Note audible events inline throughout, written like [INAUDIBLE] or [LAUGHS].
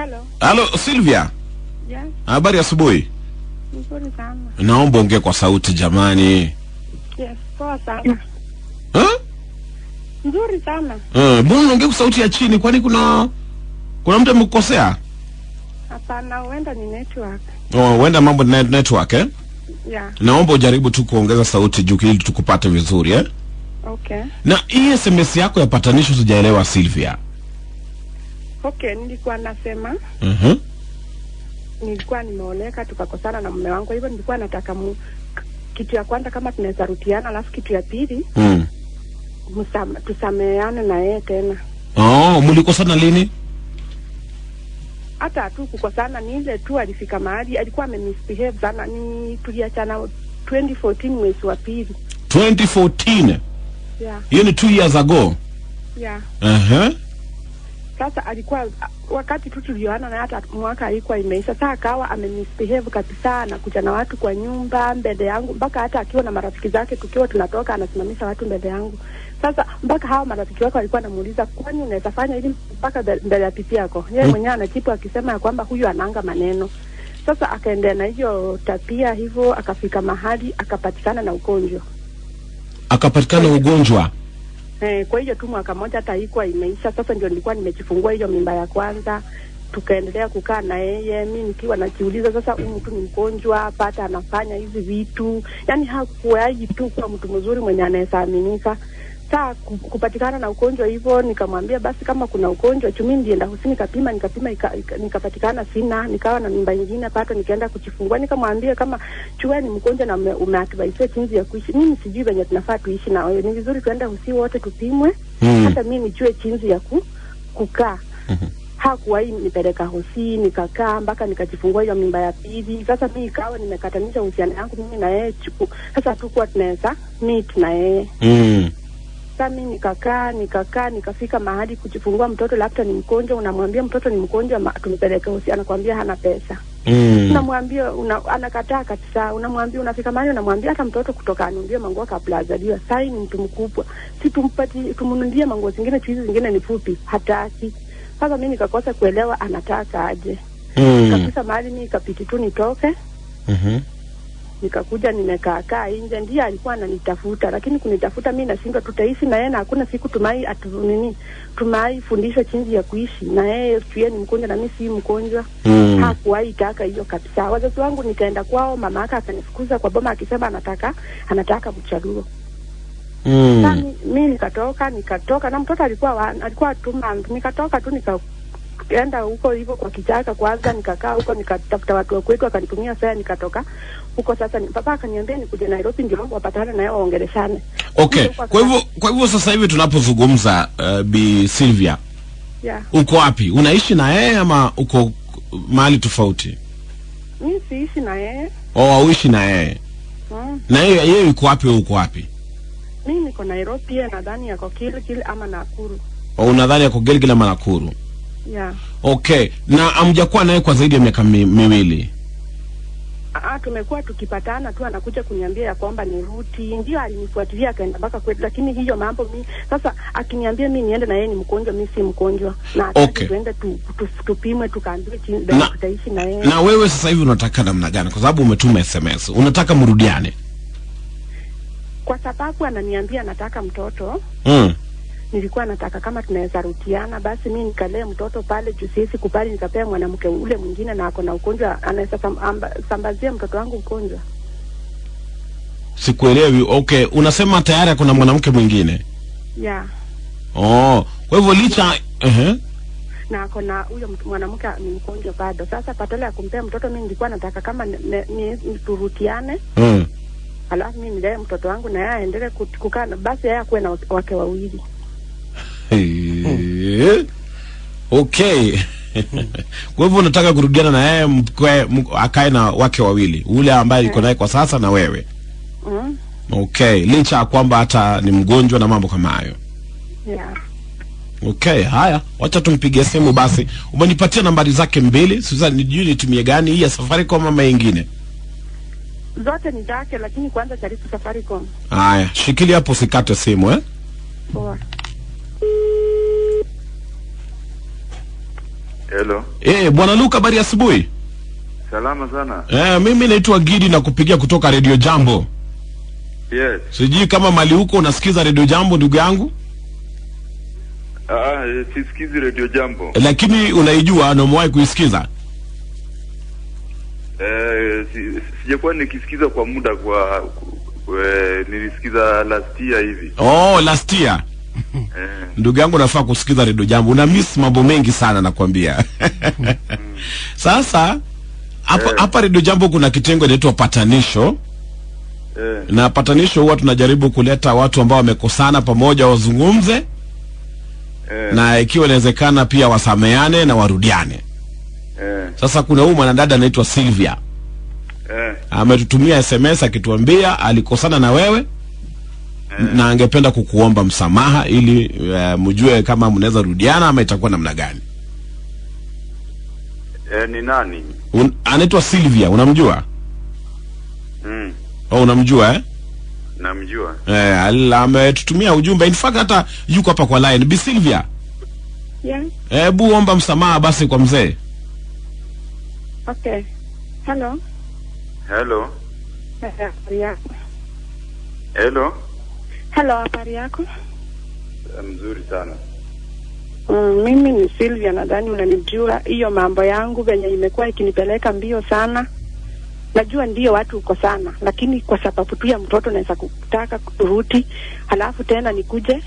Hello. Hello, Sylvia. Yeah. Habari asubuhi. Nzuri sana. Naomba ongea kwa sauti jamani. Yes, poa sana. Huh? Nzuri sana. Eh, mbona ongea kwa sauti ya chini? Kwani kuna kuna mtu amekukosea? Hapana, huenda ni network. Oh, huenda mambo ni network eh? Yeah. Naomba ujaribu tu kuongeza sauti juu ili tukupate vizuri eh? Okay. Na hii SMS yako ya patanisho sijaelewa Silvia. Okay, nilikuwa nasema mm -hmm. nilikuwa nimeoleka tukakosana na mume wangu, hivyo nilikuwa nataka mu, kitu ya kwanza kama tunaweza rutiana, alafu kitu ya pili mm. Musama, tusameheane na yeye tena. Oh, mlikosana lini? Hata tu kukosana ni ile tu, alifika mahali alikuwa amemisbehave sana. Ni tuliachana 2014 mwezi wa pili 2014. Yeah. Hiyo ni 2 years ago. Yeah. Uh -huh. Sasa alikuwa wakati tu tulioana na hata mwaka alikuwa imeisha. Sasa akawa amemisbehave kabisa, anakuja na watu kwa nyumba mbele yangu, mpaka hata akiwa na marafiki zake tukiwa tunatoka anasimamisha watu mbele yangu. Sasa mpaka hawa marafiki wake walikuwa anamuuliza, kwani unaweza fanya ili mpaka mbele ya pipi yako? Yeye hmm. mwenyewe anajibu akisema ya kwamba huyu anaanga maneno. Sasa akaendelea na hiyo tabia hivyo, akafika mahali akapatikana na ugonjwa, akapatikana ugonjwa Eh, kwa hiyo tu mwaka mmoja hata haikuwa imeisha. Sasa ndio nilikuwa nimejifungua hiyo mimba ya kwanza, tukaendelea kukaa na yeye, mi nikiwa najiuliza sasa, huyu mtu ni mgonjwa hapa, anafanya hizi vitu, yaani hakuwaji tu kuwa mtu mzuri mwenye anaweza aminika saa kupatikana na ugonjwa hivyo, nikamwambia basi kama kuna ugonjwa chumi, nilienda husi nikapima, nikapima nikapatikana sina, nikawa na mimba nyingine pato, nikaenda kuchifungua. nikamwambia kama chua ni mgonjwa na umeadvaisiwa chinzi ya kuishi. Mimi sijui venye tunafaa tuishi na wewe, ni vizuri tuenda husi wote tupimwe, mm. hata mimi nijue chinzi ya ku, kukaa mm -hmm. Hakuwahi nipeleka hosi, nikakaa mpaka nikajifungua hiyo mimba ya pili. Sasa mi ikawa nimekatanisha uhusiano yangu mimi na yeye, sasa tukuwa tunaweza meet na yeye mm sasa mi nikakaa nikakaa nikafika mahali kujifungua mtoto, labda ni mgonjwa, unamwambia mtoto ni mgonjwa, tumpeleke hosi, anakwambia hana pesa mm. Unamwambia una, anakataa kabisa, unamwambia unafika mahali unamwambia hata mtoto kutoka anumbie manguo kabla azaliwa, sai ni mtu mkubwa, si tumpati tumunulie manguo zingine, chuizi zingine ni fupi, hataki. Sasa mi nikakosa kuelewa anataka aje mm. kabisa mahali mi ikapiti tu nitoke mm -hmm nikakuja nimekaakaa nje, ndiye alikuwa ananitafuta, lakini kunitafuta mi nashindwa, tutaishi na yeye na hakuna siku tumai atunini tumai fundisha chinzi ya kuishi na yeye, sijui ni mgonjwa na mi si mgonjwa mm. hakuwahi taka hiyo kabisa. Wazazi wangu nikaenda kwao, mama yake akanifukuza kwa boma akisema anataka anataka mchaluo mm. mi nikatoka nikatoka na mtoto alikuwa wa, alikuwa tuma, nikatoka tu nika nikaenda huko hivyo kwa kichaka kwanza, nikakaa huko nikatafuta watu wa kwetu, akanitumia fare, nikatoka huko. Sasa papa akaniambia nikuje Nairobi ndio wapatane na yao waongeleshane. Okay, kwa hivyo kwa hivyo sasa hivi tunapozungumza, uh, Bi Sylvia, yeah, uko wapi? Unaishi na yeye ama uko mahali tofauti? Mimi siishi na yeye. Oh, hauishi na yeye mm. Na yeye yeye yuko wapi? uko wapi? Mimi niko Nairobi, nadhani yako Kilgil ama Nakuru. Oh, unadhani yako Gilgil ama Nakuru? yeah. Okay, na hamjakuwa naye kwa zaidi ya miaka miwili? Ah, tumekuwa tukipatana tu, anakuja kuniambia ya kwamba niruti, ndio alinifuatilia akaenda mpaka kwetu, lakini hiyo mambo mi sasa, akiniambia mi niende na yeye ni mgonjwa, mi si mgonjwa, na okay. tuende tu, tu, tupimwe tukaambiwe jinsi tutaishi na yeye. Na wewe sasa hivi unataka namna gani? Kwa sababu umetuma SMS, unataka mrudiane? Kwa sababu ananiambia anataka mtoto mm nilikuwa nataka kama tunaweza rutiana, basi mi nikalee mtoto pale juu siwezi kubali nikapea mwanamke ule mwingine na ako na ugonjwa, anaweza sambazia mtoto wangu ugonjwa. Sikuelewi. Okay, unasema tayari kuna mwanamke mwingine? Yeah. Oh, kwa hivyo licha uh-huh na ako na huyo mwanamke ni mgonjwa bado. Sasa patale ya kumpea mtoto, mi nilikuwa nataka kama turutiane mm. Alafu mi nilee mtoto wangu na yeye aendelee kukaa, basi yeye akuwe na wake wawili mm. okay hmm. kwa hivyo unataka kurudiana na yeye akae na wake wawili, ule ambaye yuko naye kwa sasa na wewe mm. Okay, licha ya kwamba hata ni mgonjwa na mambo kama hayo yeah. Okay, haya, wacha tumpige simu basi. Umenipatia nambari zake mbili, sasa nijui nitumie gani, hii ya Safaricom ama nyingine Zote ni zake, lakini kwanza jaribu Safaricom. Haya, shikilia hapo, usikate simu eh? Poa. Hello. Eh, Bwana Luka habari asubuhi. Salama sana. Eh, mimi naitwa Gidi na kupigia kutoka Radio Jambo. Yes. Sijui kama mali huko unasikiza Radio Jambo ndugu yangu? Ah, ah sisikizi Radio Jambo. Eh, lakini unaijua na umewahi kuisikiza? Eh, si, sijakuwa nikisikiza kwa muda kwa, kwa, kwa eh, nilisikiza last year hivi. Oh, last year ndugu yangu, nafaa kusikiza redio jambo, una miss mambo mengi sana nakwambia. [LAUGHS] Sasa hapa eh. hapa redio jambo kuna kitengo inaitwa patanisho eh. na patanisho huwa tunajaribu kuleta watu ambao wamekosana pamoja wazungumze eh. na ikiwa inawezekana pia wasameane na warudiane. Sasa kuna huyu mwanadada anaitwa Silvia ametutumia SMS akituambia alikosana na wewe yeah. na angependa kukuomba msamaha ili uh, eh, mjue kama mnaweza rudiana ama itakuwa namna gani. E, ni nani? Anaitwa Silvia, unamjua? Mm. Oh, unamjua eh? Namjua. Eh, ametutumia ujumbe. In fact hata yuko hapa kwa line. Bi Silvia. Yeah. Hebu omba msamaha basi kwa mzee. Okay. Hello. Hello. Hello. Hello, habari yako? Eh, mzuri sana. Mm, mimi ni Sylvia, nadhani unanijua. Hiyo mambo yangu venye imekuwa ikinipeleka mbio sana, najua ndio watu uko sana, lakini kwa sababu tu ya mtoto naweza kutaka kuruti, halafu tena nikuje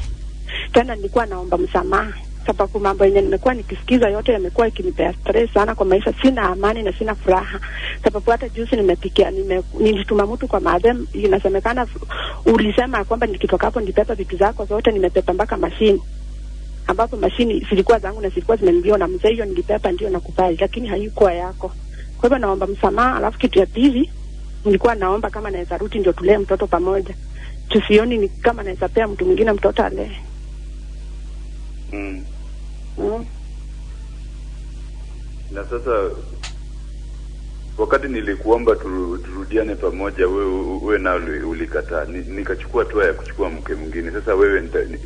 tena, nilikuwa naomba msamaha sababu mambo yenye nimekuwa nikisikiza yote yamekuwa ikinipea stress sana kwa maisha. Sina amani na sina furaha, sababu hata juzi nimepikia nime, nilituma mtu kwa madhem, inasemekana ulisema kwamba nikitoka hapo nipepa vitu zako zote, nimepepa mpaka mashini ambapo mashini zilikuwa zangu na zilikuwa zimemliwa na mzee. Hiyo nilipepa ndio nakubali, lakini haikuwa yako. Kwa hivyo naomba msamaha, alafu kitu ya pili nilikuwa naomba kama naweza rudi ndio tulee mtoto pamoja, tusioni ni kama naweza pea mtu mwingine mtoto alee. Mm mm. Na sasa wakati nilikuomba turudiane pamoja, wewe we na ulikataa, nikachukua tu ya kuchukua mke mwingine. Sasa wewe nita, ni,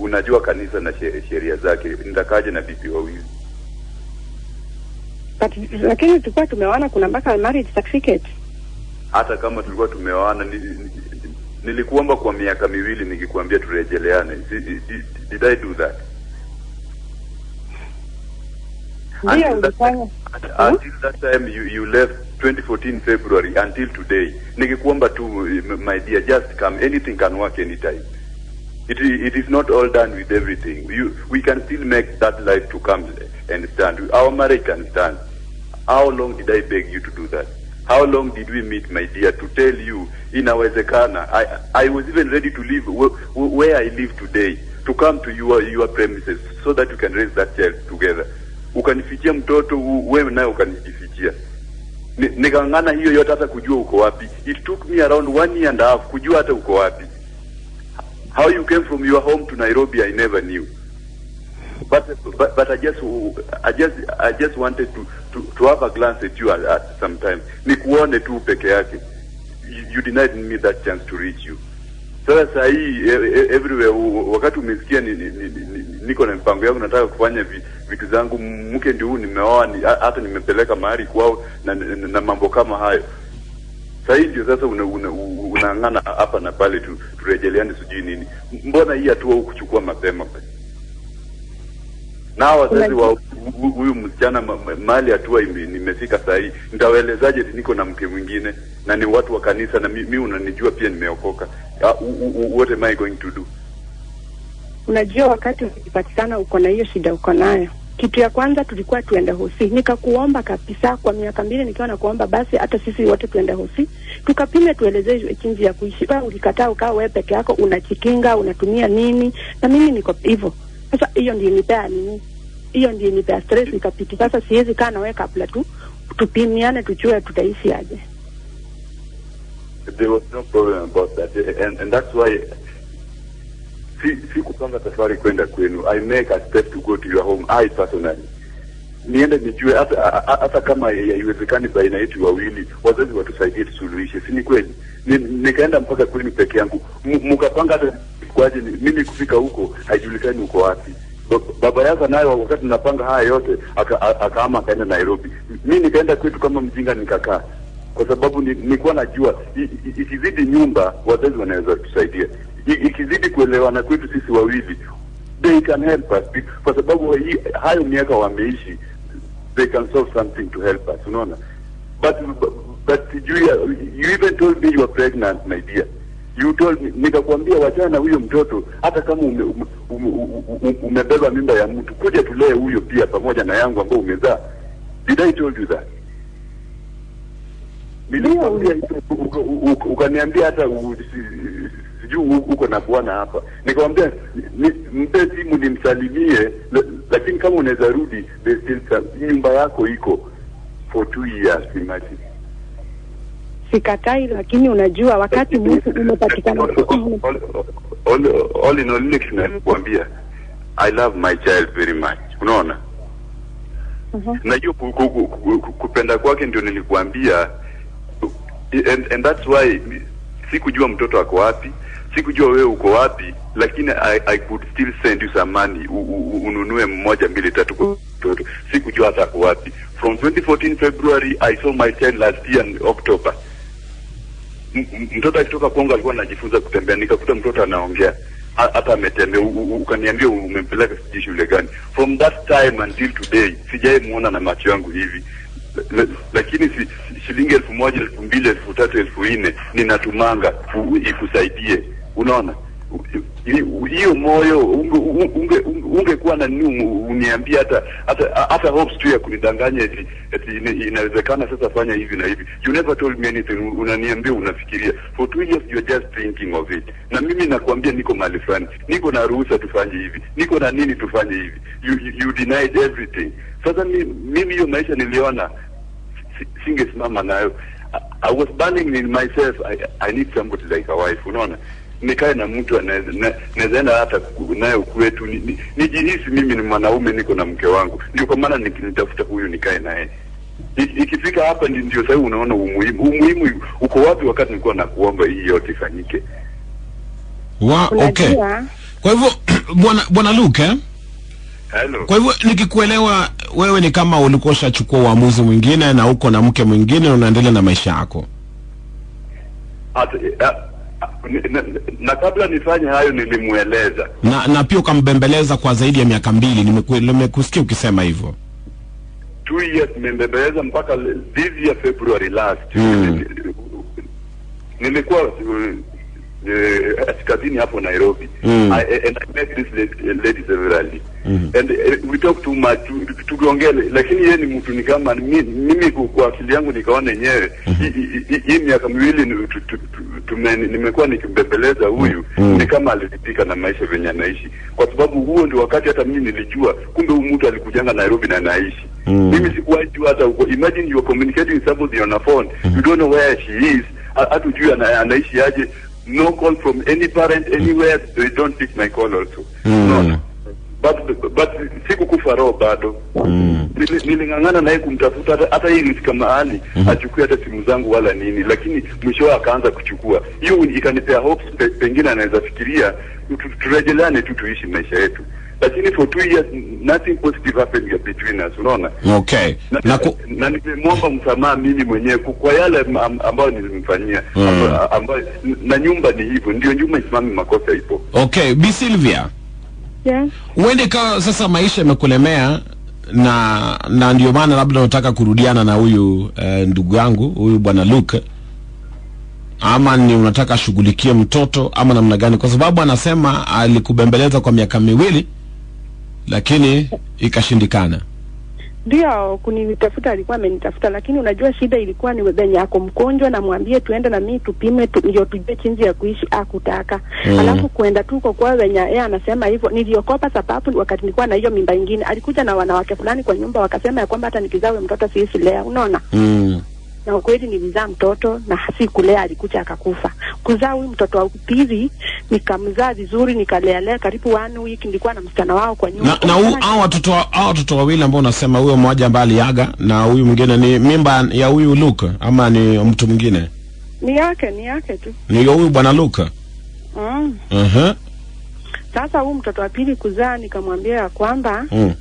unajua kanisa na sheria zake, nitakaje na bibi wawili? Lakini tulikuwa tumeoana, kuna mpaka marriage certificate. Hata kama tulikuwa tumeoana, nilikuomba kwa miaka miwili, nikikwambia turejeleane. Did, did, did I do that? Until that, time, until that time you, you left 2014 February until today. Nikikuomba tu my dear, just come. Anything can work anytime. It, it is not all done with everything. You, we can still make that life to come and stand. Our marriage can stand. How long did I beg you to do that? How long did we meet, my dear, to tell you in our zekana? I, I was even ready to leave where I live today, to come to your, your premises so that you can raise that child together. ukanifichia mtoto wewe naye ukanijifichia. Nikang'ang'ana hiyo yote hata kujua uko wapi. It took me around one year and a half kujua hata uko wapi. How you came from your home to Nairobi I never knew. But, but, but I just, I just, I just wanted to, to, to have a glance at you at, at some time. Nikuone tu peke yake. You, you denied me that chance to reach you. Sasa saa hii e, e, everywhere, wakati umesikia ni, ni, ni, ni, niko na mpango yangu, nataka kufanya vi, vitu zangu, mke ndio huu nimeoa, hata nimepeleka mahali kwao na, na, na mambo kama hayo. Saa hii ndio sasa unaang'ana una hapa na pale tu, turejeleane sijui nini. Mbona hii hatua kuchukua mapema basi? na wazazi wa huyu msichana mali hatua nimefika saa hii, nitawaelezaje? Niko na mke mwingine na ni watu wa kanisa, na mi, mi unanijua pia nimeokoka uh, what am I going to do? Unajua, wakati ukipatikana uko na hiyo shida uko nayo, kitu ya kwanza tulikuwa tuende hosi, nikakuomba kabisa kwa miaka mbili nikiwa nakuomba basi hata sisi wote tuende hosi tukapime, tuelezee jinsi ya kuishi. Wewe ah, ulikataa ukaa wewe peke yako, unachikinga unatumia nini, na mimi niko hivyo. Sasa hiyo ndio nipea nini, hiyo ndio nipea stress, ikapiti. Sasa siwezi kaa na wewe kabla tu tupimiane, tujue tutaishi aje there was no problem about that and, and that's why si, si kupanga safari kwenda kwenu i make a step to go to your home i personally niende nijue hata kama haiwezekani baina yetu wawili wazazi watusaidie tusuluhishe si ni kweli nikaenda mpaka kwenu peke yangu mkapanga hata kwaje mimi kufika huko haijulikani uko wapi baba yako nayo wakati napanga haya yote akaama akaenda nairobi mi nikaenda kwetu kama mjinga nikakaa kwa sababu nilikuwa najua ikizidi nyumba wazazi wanaweza kusaidia, ikizidi kuelewana kwetu sisi wawili they can help us, kwa sababu hii, hayo miaka wameishi, they can solve something to help us, unaona but but you, you even told me you are pregnant my dear you told me, nikakwambia wachana huyo mtoto, hata kama ume, ume, ume, ume, umebeba mimba ya mtu, kuja tulee huyo pia pamoja na yangu ambao umezaa. Did I told you that? ukaniambia hata sijuu uko na bwana hapa, nikamwambia mpe simu nimsalimie, lakini kama unaweza rudi, nyumba yako iko for two years, imagine. Sikatai, lakini unajua wakati mtu umepatikana, [LAUGHS] all in all, ile kitu nakwambia, I love my child very much, unaona. Uh -huh. Najua kupenda kwake ndio nilikuambia Eh, and, and that's why sikujua mtoto ako wapi, sikujua wewe uko wapi, lakini I, I could still send you some money ununue mmoja mbili tatu kwa mtoto, sikujua hata ako wapi. From 2014 February I saw my child last year in October. Mtoto akitoka Kongo alikuwa anajifunza kutembea, nikakuta mtoto anaongea hata ametembea, ukaniambia umempeleka sijui shule gani. From that time until today sijai muona na macho yangu hivi lakini si, shilingi elfu moja elfu mbili elfu tatu elfu nne ninatumanga ikusaidie. Unaona hiyo moyo ungekuwa unge, unge na nini uniambia hata hata hata hopes tu ya kunidanganya ati inawezekana sasa fanya hivi na hivi. You never told me anything, unaniambia unafikiria. For two years you are just thinking of it. Na mimi nakwambia niko mahali fulani, niko na ruhusa tufanye hivi, niko na nini tufanye hivi. You, you, you denied everything. Sasa mi, mimi hiyo maisha niliona singesimama nayo. I, I was burning in myself. I, I need somebody like a wife, unaona nikae na mtu naweza enda hata naye kwetu, nijihisi ni, ni mimi ni mwanaume, niko na mke wangu. Ndio kwa maana nikinitafuta huyu nikae naye ikifika hapa ndio sasa unaona umuhimu umuhimu uko wapi, wakati nilikuwa nakuomba hii yote ifanyike. Wa, okay. Kwa hivyo [CLEARS THROAT] bwana bwana Luke eh? Hello. Kwa hivyo nikikuelewa, wewe ni kama ulikuwa ushachukua uamuzi mwingine na uko na mke mwingine unaendelea na maisha yako. Na, na kabla nifanye hayo nilimweleza na, na pia ukambembeleza kwa zaidi ya miaka mbili. Nimekusikia ukisema hivyo two years imembebeleza mpaka this year February last mm. Nilikuwa kaskazini eh, eh, hapo Nairobi mm. I, eh, and I met this lady severally mm. and uh, we talk too much tukiongele, lakini yeye ni mtu ni kama mimi, kwa akili yangu nikaona yenyewe hmm. hii miaka miwili nimekuwa nikibembeleza huyu mm. ni kama aliridhika na maisha venye anaishi sababu huo ndio wakati hata mimi nilijua kumbe huyu mtu alikujanga Nairobi na naishi mm. Mimi sikuwajua hata huko. Imagine you are communicating with somebody on a phone mm. You don't know where she is, hatujui ana, anaishi aje. No call from any parent anywhere. mm. They don't pick my call also mm. no but but sikukufa roho bado. Mm. Niling'ang'ana naye kumtafuta hata hii nifika mahali mm -hmm. achukue hata simu zangu wala nini, lakini mwisho akaanza kuchukua. Hiyo ikanipea hopes, pe, pengine anaweza fikiria turejeleane tu tuishi maisha yetu lakini for two years nothing positive happened between us, unaona. Okay. Na, na, ku... na nimemwomba msamaha mimi mwenyewe kwa yale am, ambayo nilimfanyia mm. ambayo, na nyumba ni hivyo, ndio nyumba isimami, makosa ipo. Okay, b Sylvia yeah. Uende kawa sasa maisha yamekulemea na na ndio maana labda unataka kurudiana na huyu eh, ndugu yangu huyu bwana Luke ama ni unataka shughulikie mtoto ama namna gani? Kwa sababu anasema alikubembeleza kwa miaka miwili lakini ikashindikana. Ndio, kunitafuta alikuwa amenitafuta, lakini unajua shida ilikuwa ni venye ako mgonjwa, namwambie tuende na mimi tupime tu, ndio tujue chinzi ya kuishi akutaka mm. Alafu kuenda tu kwa kwa venye yeye anasema hivyo, niliokopa sababu wakati nilikuwa na hiyo mimba ingine alikuja na wanawake fulani kwa nyumba, wakasema ya kwamba hata nikizawe mtoto siisi lea, unaona mm. Na ukweli nilizaa mtoto na kulea, alikuja akakufa kuzaa huyu mtoto wa pili, nikamzaa vizuri, nikalealea karibu one week, nilikuwa na msichana wao kwa nyumba. Na hao watoto hao watoto wawili ambao unasema huyo mmoja ambaye aliaga na huyu mwingine, ni mimba ya huyu Luke ama ni mtu mwingine? Ni yake, ni yake tu, ni huyu bwana Luke. Mm. Uh ah. -huh. Sasa huyu mtoto wa pili kuzaa, nikamwambia ya kwamba mm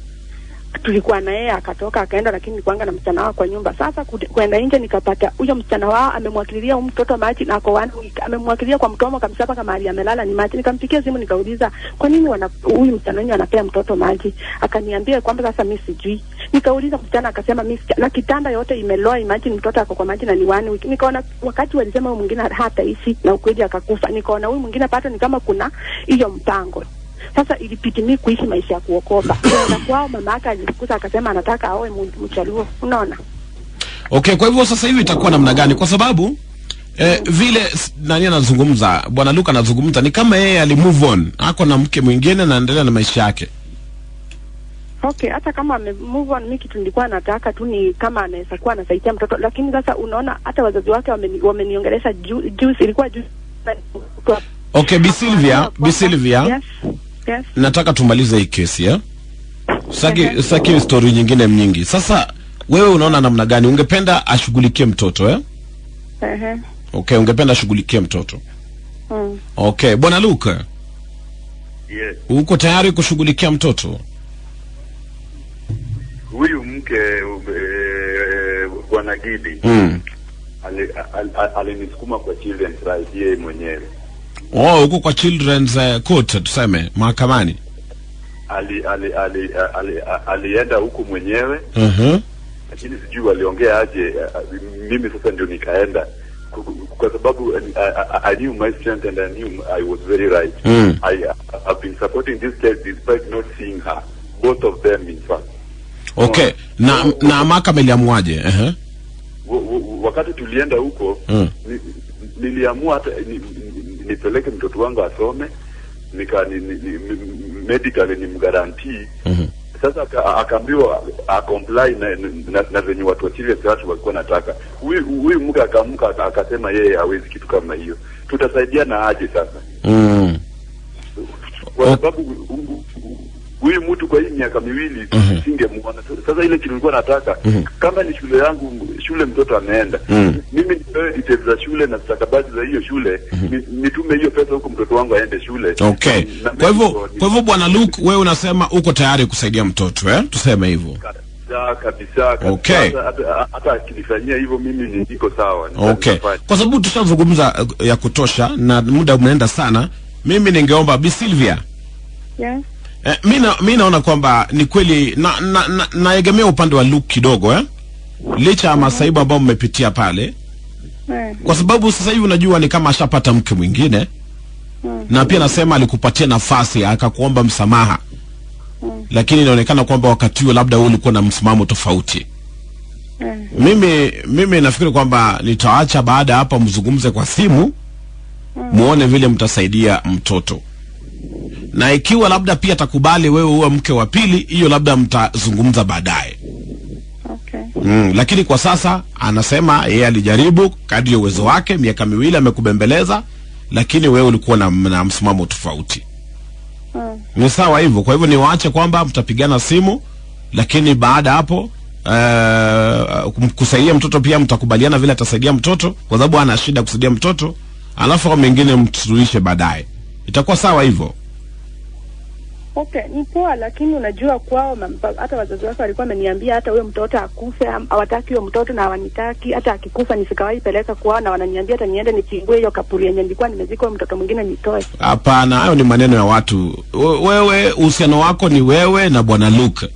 tulikuwa na yeye akatoka akaenda, lakini nilikuanga na msichana wao kwa nyumba. Sasa kwenda nje nikapata huyo msichana wao amemwakilia huyo mtoto maji na kwa wani, week amemwakilia kwa mtomo, kamsapa kama mahali amelala ni maji. Nikampigia simu nikauliza, kwa nini wana huyu msichana wenyewe anapea mtoto maji? Akaniambia kwamba sasa mimi sijui. Nikauliza msichana, akasema mimi na kitanda yote imeloa, imagine mtoto ako kwa maji na ni wani. Nikaona wakati walisema huyu mwingine hataishi na ukweli akakufa, nikaona huyu mwingine pato ni kama kuna hiyo mpango sasa ilibidi mimi kuishi maisha ya kuokopa [COUGHS] na kwao, mama yake alifukuza akasema anataka aoe mchaluo. Unaona? Okay, kwa hivyo sasa hivi itakuwa namna gani? Kwa sababu eh, vile nani anazungumza, bwana Luka anazungumza ni kama yeye ali move on, ako na mke mwingine na endelea na maisha yake. Okay, hata kama ame move on, mimi kitu nilikuwa nataka tu ni kama anaweza kuwa anasaidia mtoto, lakini sasa unaona hata wazazi wake wameniongelesha wame juzi, ilikuwa juice. Okay, Bi Sylvia, Bi Sylvia. Yes kesi. Nataka tumalize hii kesi ya saki Kena. Saki story nyingine mnyingi. Sasa wewe unaona namna gani ungependa ashughulikie mtoto eh? uh Okay, ungependa ashughulikie mtoto mm. Okay, bwana Luka yes. Uko tayari kushughulikia mtoto huyu mke eh, bwana Gidi mm. alinisukuma ali, ali, ali kwa children's right yeye mwenyewe oh, huko kwa children's uh, court tuseme mahakamani alienda ali, ali, ali, alienda ali huku mwenyewe uh -huh. Lakini sijui waliongea aje. Eh, mimi sasa ndio nikaenda kwa sababu I, eh, I, I knew my strength and I knew I was very right. Mm. I, I've been supporting this case despite not seeing her. Both of them in fact. Okay. uh, na uh, na mahakama iliamuaje? Eh. Uh -huh. Wakati tulienda huko mm. niliamua ni, nipeleke mtoto wangu asome nika ni, ni, ni, medically ni mgarantii mm -hmm. Sasa akaambiwa acomply na, na, na venye watu wa watu walikuwa nataka. Huyu mke akaamka akasema yeye hawezi kitu kama hiyo, tutasaidia na aje sasa? mm. kwa sababu huyu mtu kwa hii miaka miwili mm -hmm. singemwona. Sasa ile kitu nilikuwa nataka mm -hmm. kama ni shule yangu shule mtoto ameenda mm. mimi nitoe details za shule na stakabadhi za hiyo shule mm -hmm. nitume hiyo pesa huko mtoto wangu aende shule. Okay, kwa hivyo kwa hivyo Bwana Luke, wewe unasema uko tayari kusaidia mtoto eh? Tuseme hivyo kabisa kabisa. Okay. Hata akinifanyia hivyo mimi niko sawa. Okay, kwa sababu tushazungumza eh, ya kutosha na muda umeenda sana, mimi ningeomba Bi Silvia. Yeah. Eh, mi naona kwamba ni kweli na, na, na, upande wa Luke kidogo eh? licha ya masaibu ambayo mmepitia pale eh. kwa sababu sasa hivi unajua ni kama ashapata mke mwingine eh. na pia nasema alikupatia nafasi akakuomba msamaha eh. lakini inaonekana kwamba wakati huo labda wewe ulikuwa na msimamo tofauti mimi mimi nafikiri kwamba nitaacha baada hapa mzungumze kwa simu muone vile mtasaidia mtoto na ikiwa labda pia atakubali wewe uwe mke wa pili, hiyo labda mtazungumza baadaye mm, lakini kwa sasa anasema yeye alijaribu kadri ya uwezo wake, miaka miwili amekubembeleza, lakini wewe ulikuwa na, na msimamo tofauti mm. Ni sawa hivyo. Kwa hivyo niwaache kwamba mtapigana simu, lakini baada hapo uh, kusaidia mtoto pia mtakubaliana vile atasaidia mtoto, kwa sababu ana shida kusaidia mtoto, alafu mengine mtuishe baadaye, itakuwa sawa hivyo. Okay, ni poa, lakini unajua kwao hata wazazi wako walikuwa wameniambia hata huyo mtoto akufe, hawataki huyo mtoto na hawanitaki, hata akikufa nisikawahi peleka kwao, na wananiambia hata niende nichimbue hiyo kapuri yenye nilikuwa nimezika mtoto mwingine nitoe. Hapana, hayo ni maneno ya watu. Wewe uhusiano wako ni wewe na bwana Luke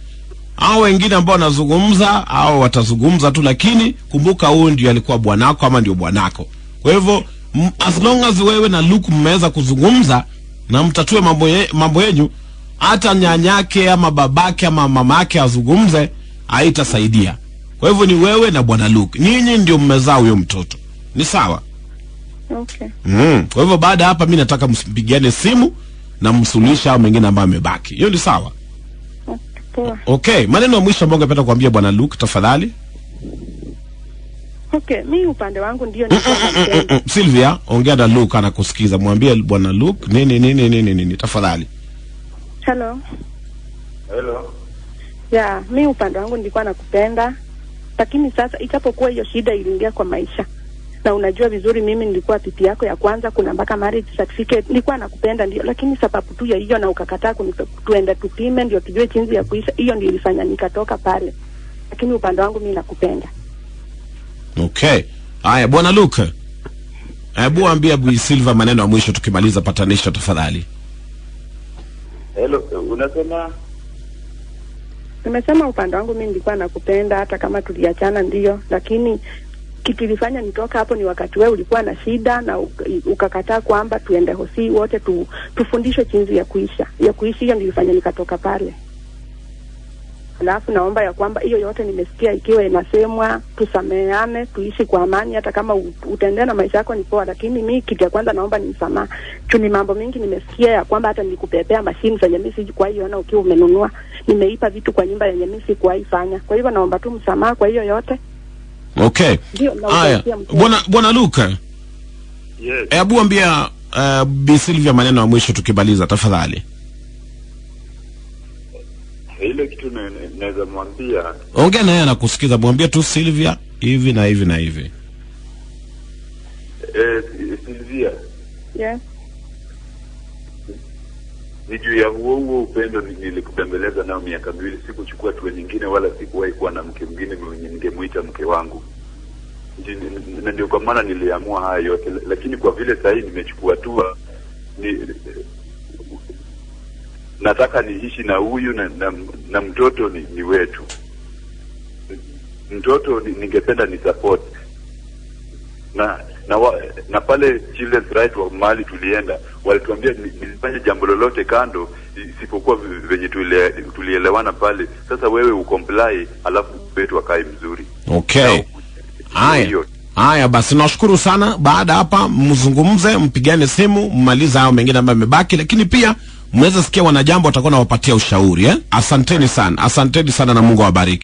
hao wengine ambao wanazungumza hao watazungumza tu, lakini kumbuka, huyu ndio alikuwa bwanako ama ndio bwanako. Kwa hivyo as long as wewe na Luke mmeweza kuzungumza na mtatue mambo ye, mambo yenu hata nyanyake ama babake ama mamake azungumze, haitasaidia. Kwa hivyo ni wewe na bwana Luke, nyinyi ndio mmezaa huyo mtoto, ni sawa? Okay. Mm. Kwa hivyo baada hapa, mimi nataka mpigiane simu na msuluhisha au mengine ambayo amebaki, hiyo ni sawa? Okay, maneno ya mwisho ambayo ungependa kuambia bwana Luke tafadhali. Okay, mimi upande wangu ndio ni mm, mm, mm, -mm, Sylvia, ongea na Luke, anakusikiza, mwambie bwana Luke nini nini nini nini, tafadhali. Hello. Hello. Yeah, mi upande wangu nilikuwa nakupenda, lakini sasa itapokuwa hiyo shida iliingia kwa maisha, na unajua vizuri mimi nilikuwa pipi yako ya kwanza, kuna mpaka marriage certificate. Nilikuwa nakupenda ndio, lakini sababu tu ya hiyo na ukakataa kunituenda tupime ndio tujue jinsi ya kuisha, hiyo ndio ilifanya nikatoka pale, lakini upande wangu mi nakupenda. Okay, haya bwana Luke, hebu ambia Bwi Silva maneno ya mwisho, tukimaliza patanisha tafadhali. Hello, unasema? Nimesema upande wangu mimi nilikuwa nakupenda hata kama tuliachana ndio, lakini kitu ilifanya nitoka hapo ni wakati wewe ulikuwa na shida na ukakataa kwamba tuende hosi wote tu, tufundishwe jinsi ya kuisha ya kuishi. Hiyo ndio ilifanya nikatoka pale. Alafu naomba ya kwamba hiyo yote nimesikia ikiwa inasemwa, tusameane, tuishi kwa amani, hata kama utendea na maisha yako ni poa, lakini mi kitu ya kwanza naomba ni msamaha. chuni mambo mingi nimesikia ya kwamba hata nilikupepea mashini zenye mi sikuwahi ukiwa umenunua, nimeipa vitu kwa nyumba yenye mi sikuwahi Kwa hivyo naomba tu msamaha kwa hiyo yote. Okay, haya bwana bwana Luka, hebu ambia uh, Bi Silvia maneno ya mwisho tukimaliza tafadhali ile kitu naweza mwambia, ongea naye anakusikiza, mwambie tu Silvia hivi na hivi na hivi. Eh, Silvia. Yeah. Ni juu ya huo huo upendo nilikutembeleza nao miaka miwili, sikuchukua tuwe nyingine, wala sikuwahi kuwa na mke mwingine mwenye ningemwita mke wangu na ndio kwa maana niliamua haya yote, lakini kwa vile sahii nimechukua tua ni, nataka niishi na huyu na, na, na mtoto ni, ni wetu mtoto ni, ningependa ni support na na, wa, na pale Children's Right wa mahali tulienda walituambia nisifanye jambo lolote kando isipokuwa venye tulielewana pale. Sasa wewe ucomply, alafu wetu wakae mzuri. Okay, haya haya, basi nashukuru sana. Baada hapa, mzungumze, mpigane simu, mmalize hayo mengine ambayo yamebaki, lakini pia mweze sikia wanajambo watakuwa nawapatia ushauri eh? Asanteni sana, asanteni sana na Mungu awabariki.